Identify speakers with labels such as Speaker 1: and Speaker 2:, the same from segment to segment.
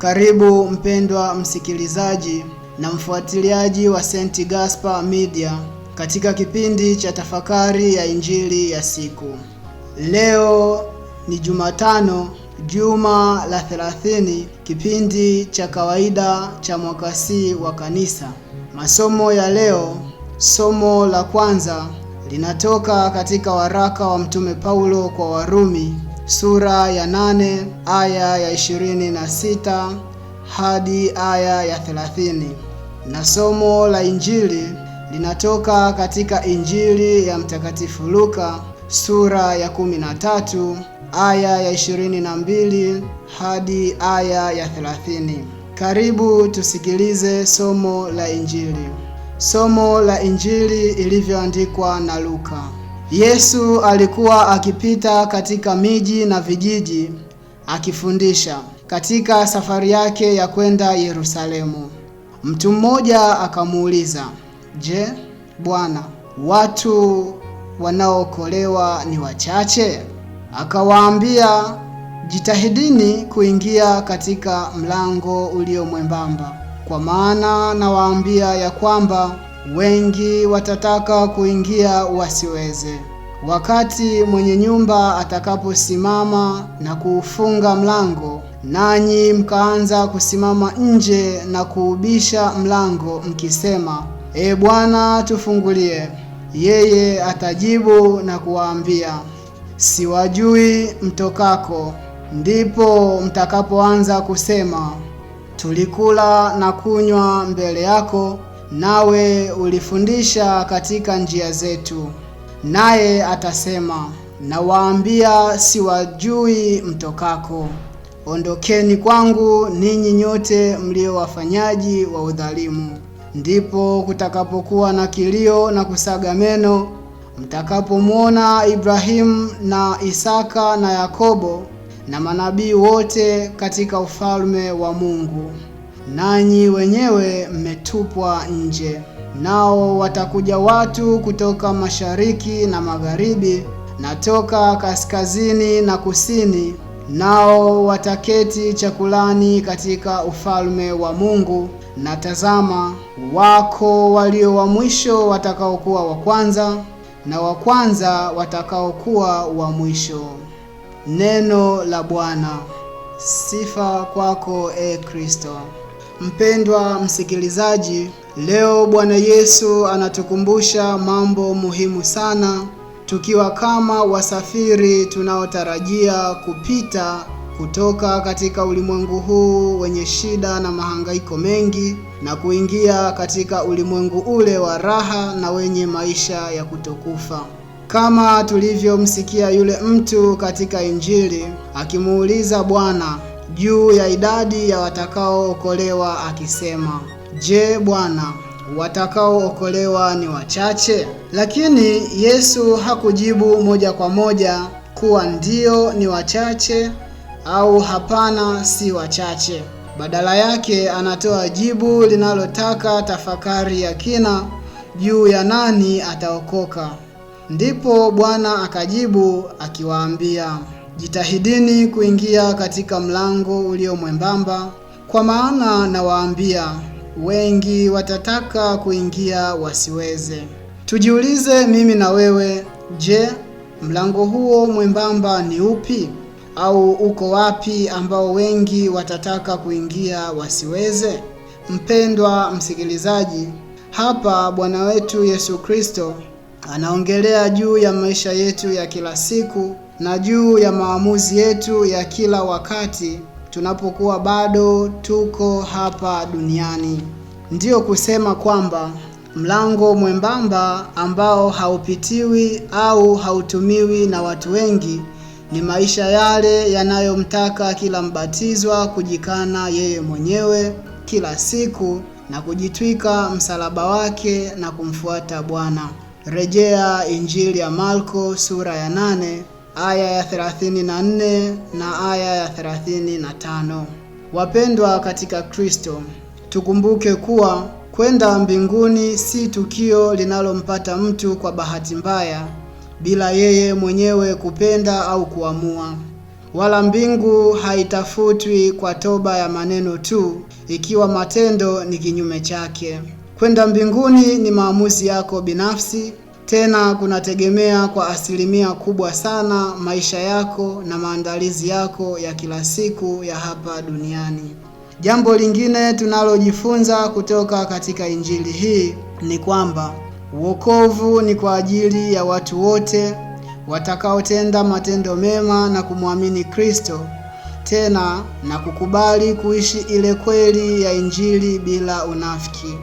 Speaker 1: Karibu mpendwa msikilizaji na mfuatiliaji wa St. Gaspar Media katika kipindi cha tafakari ya Injili ya siku. Leo ni Jumatano, juma la 30, kipindi cha kawaida cha mwaka C wa kanisa. Masomo ya leo, somo la kwanza linatoka katika waraka wa Mtume Paulo kwa Warumi sura ya nane aya ya ishirini na sita hadi aya ya thelathini na somo la Injili linatoka katika Injili ya Mtakatifu Luka sura ya kumi na tatu aya ya ishirini na mbili hadi aya ya thelathini. Karibu tusikilize somo la Injili. Somo la Injili ilivyoandikwa na Luka. Yesu alikuwa akipita katika miji na vijiji akifundisha katika safari yake ya kwenda Yerusalemu. Mtu mmoja akamuuliza, "Je, Bwana, watu wanaokolewa ni wachache?" Akawaambia, "Jitahidini kuingia katika mlango ulio mwembamba, kwa maana nawaambia ya kwamba wengi watataka kuingia wasiweze. Wakati mwenye nyumba atakaposimama na kuufunga mlango, nanyi mkaanza kusimama nje na kuubisha mlango mkisema, E Bwana, tufungulie, yeye atajibu na kuwaambia, siwajui mtokako. Ndipo mtakapoanza kusema, tulikula na kunywa mbele yako nawe ulifundisha katika njia zetu. Naye atasema, nawaambia siwajui mtokako. Ondokeni kwangu ninyi nyote mlio wafanyaji wa udhalimu. Ndipo kutakapokuwa na kilio na kusaga meno, mtakapomwona Ibrahimu na Isaka na Yakobo na manabii wote katika ufalme wa Mungu nanyi wenyewe mmetupwa nje. Nao watakuja watu kutoka mashariki na magharibi na toka kaskazini na kusini, nao wataketi chakulani katika ufalme wa Mungu. Na tazama, wako walio wa mwisho watakaokuwa wa kwanza, na wa kwanza watakaokuwa wa mwisho. Neno la Bwana. Sifa kwako, e Kristo. Mpendwa msikilizaji, leo Bwana Yesu anatukumbusha mambo muhimu sana tukiwa kama wasafiri tunaotarajia kupita kutoka katika ulimwengu huu wenye shida na mahangaiko mengi na kuingia katika ulimwengu ule wa raha na wenye maisha ya kutokufa. Kama tulivyomsikia yule mtu katika Injili akimuuliza Bwana, juu ya idadi ya watakaookolewa akisema, Je, Bwana, watakaookolewa ni wachache? Lakini Yesu hakujibu moja kwa moja kuwa ndio ni wachache au hapana si wachache. Badala yake anatoa jibu linalotaka tafakari ya kina juu ya nani ataokoka. Ndipo Bwana akajibu akiwaambia Jitahidini kuingia katika mlango ulio mwembamba, kwa maana nawaambia wengi watataka kuingia wasiweze. Tujiulize mimi na wewe, je, mlango huo mwembamba ni upi? Au uko wapi ambao wengi watataka kuingia wasiweze? Mpendwa msikilizaji, hapa Bwana wetu Yesu Kristo anaongelea juu ya maisha yetu ya kila siku na juu ya maamuzi yetu ya kila wakati tunapokuwa bado tuko hapa duniani. Ndiyo kusema kwamba mlango mwembamba ambao haupitiwi au hautumiwi na watu wengi ni maisha yale yanayomtaka kila mbatizwa kujikana yeye mwenyewe kila siku na kujitwika msalaba wake na kumfuata Bwana. Rejea Injili ya Marko sura ya nane aya ya 34 na aya ya 35. Wapendwa katika Kristo, tukumbuke kuwa kwenda mbinguni si tukio linalompata mtu kwa bahati mbaya bila yeye mwenyewe kupenda au kuamua. Wala mbingu haitafutwi kwa toba ya maneno tu ikiwa matendo ni kinyume chake. Kwenda mbinguni ni maamuzi yako binafsi tena kunategemea kwa asilimia kubwa sana maisha yako na maandalizi yako ya kila siku ya hapa duniani. Jambo lingine tunalojifunza kutoka katika Injili hii ni kwamba wokovu ni kwa ajili ya watu wote watakaotenda matendo mema na kumwamini Kristo, tena na kukubali kuishi ile kweli ya Injili bila unafiki.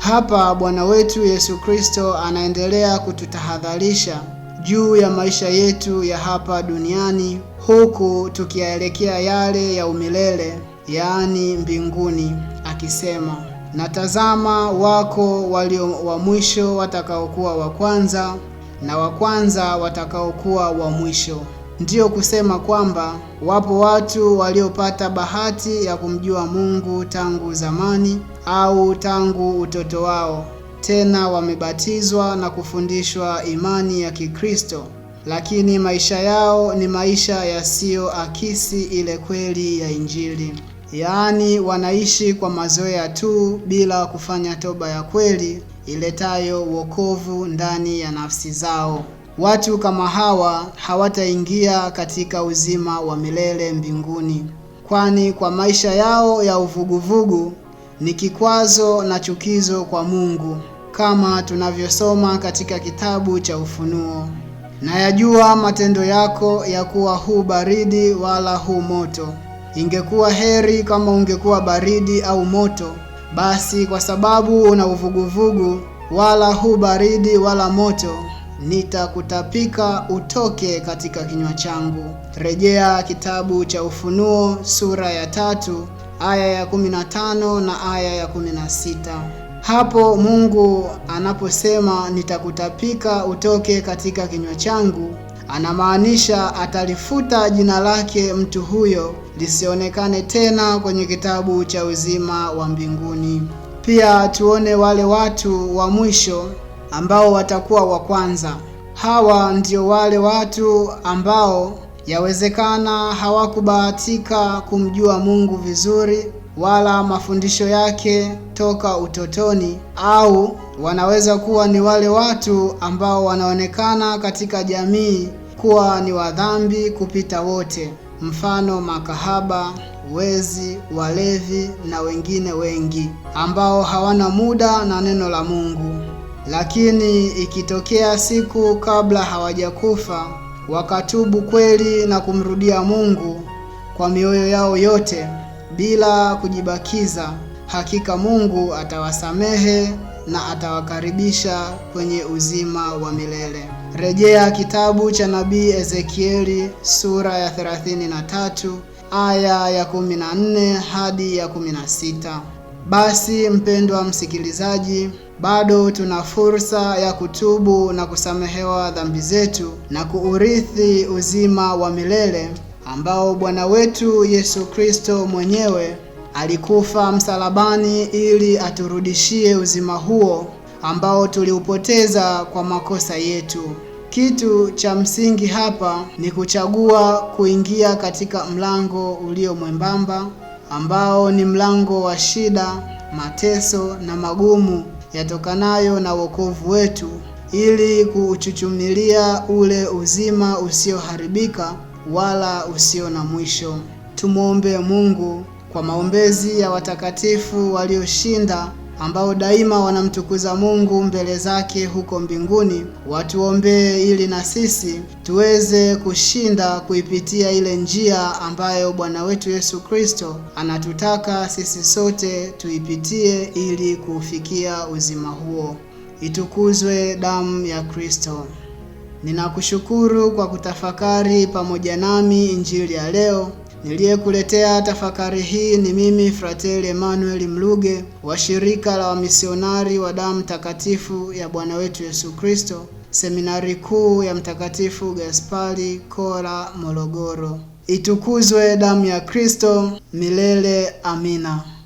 Speaker 1: Hapa Bwana wetu Yesu Kristo anaendelea kututahadharisha juu ya maisha yetu ya hapa duniani huku tukiyaelekea yale ya umilele, yaani mbinguni, akisema, natazama wako walio wa mwisho watakaokuwa wa kwanza, na wa kwanza watakaokuwa wa mwisho ndiyo kusema kwamba wapo watu waliopata bahati ya kumjua Mungu tangu zamani au tangu utoto wao, tena wamebatizwa na kufundishwa imani ya Kikristo, lakini maisha yao ni maisha yasiyoakisi ile kweli ya Injili. Yaani, wanaishi kwa mazoea tu bila kufanya toba ya kweli iletayo wokovu ndani ya nafsi zao. Watu kama hawa hawataingia katika uzima wa milele mbinguni, kwani kwa maisha yao ya uvuguvugu ni kikwazo na chukizo kwa Mungu, kama tunavyosoma katika kitabu cha Ufunuo. Nayajua matendo yako ya kuwa hu baridi wala hu moto. Ingekuwa heri kama ungekuwa baridi au moto, basi kwa sababu una uvuguvugu, wala hu baridi wala moto nitakutapika utoke katika kinywa changu. Rejea kitabu cha Ufunuo sura ya tatu aya ya 15 na aya ya 16. Hapo Mungu anaposema nitakutapika utoke katika kinywa changu, anamaanisha atalifuta jina lake mtu huyo lisionekane tena kwenye kitabu cha uzima wa mbinguni. Pia tuone wale watu wa mwisho ambao watakuwa wa kwanza. Hawa ndio wale watu ambao yawezekana hawakubahatika kumjua Mungu vizuri wala mafundisho yake toka utotoni, au wanaweza kuwa ni wale watu ambao wanaonekana katika jamii kuwa ni wadhambi kupita wote, mfano makahaba, wezi, walevi na wengine wengi ambao hawana muda na neno la Mungu lakini ikitokea siku kabla hawajakufa wakatubu kweli na kumrudia Mungu kwa mioyo yao yote bila kujibakiza, hakika Mungu atawasamehe na atawakaribisha kwenye uzima wa milele. Rejea kitabu cha nabii Ezekieli sura ya 33 aya ya 14 hadi ya 16. Basi mpendwa msikilizaji bado tuna fursa ya kutubu na kusamehewa dhambi zetu na kuurithi uzima wa milele ambao Bwana wetu Yesu Kristo mwenyewe alikufa msalabani ili aturudishie uzima huo ambao tuliupoteza kwa makosa yetu. Kitu cha msingi hapa ni kuchagua kuingia katika mlango ulio mwembamba ambao ni mlango wa shida, mateso na magumu yatokanayo na wokovu wetu ili kuuchuchumilia ule uzima usioharibika wala usio na mwisho. Tumwombe Mungu kwa maombezi ya watakatifu walioshinda ambao daima wanamtukuza Mungu mbele zake huko mbinguni, watuombee ili na sisi tuweze kushinda kuipitia ile njia ambayo Bwana wetu Yesu Kristo anatutaka sisi sote tuipitie ili kufikia uzima huo. Itukuzwe damu ya Kristo. Ninakushukuru kwa kutafakari pamoja nami Injili ya leo. Niliyekuletea tafakari hii ni mimi Frateli Emmanuel Mluge wa shirika la wamisionari wa damu takatifu ya Bwana wetu Yesu Kristo, seminari kuu ya Mtakatifu Gaspari Kola, Morogoro. Itukuzwe damu ya Kristo! Milele amina!